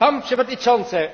pan przewodniczący!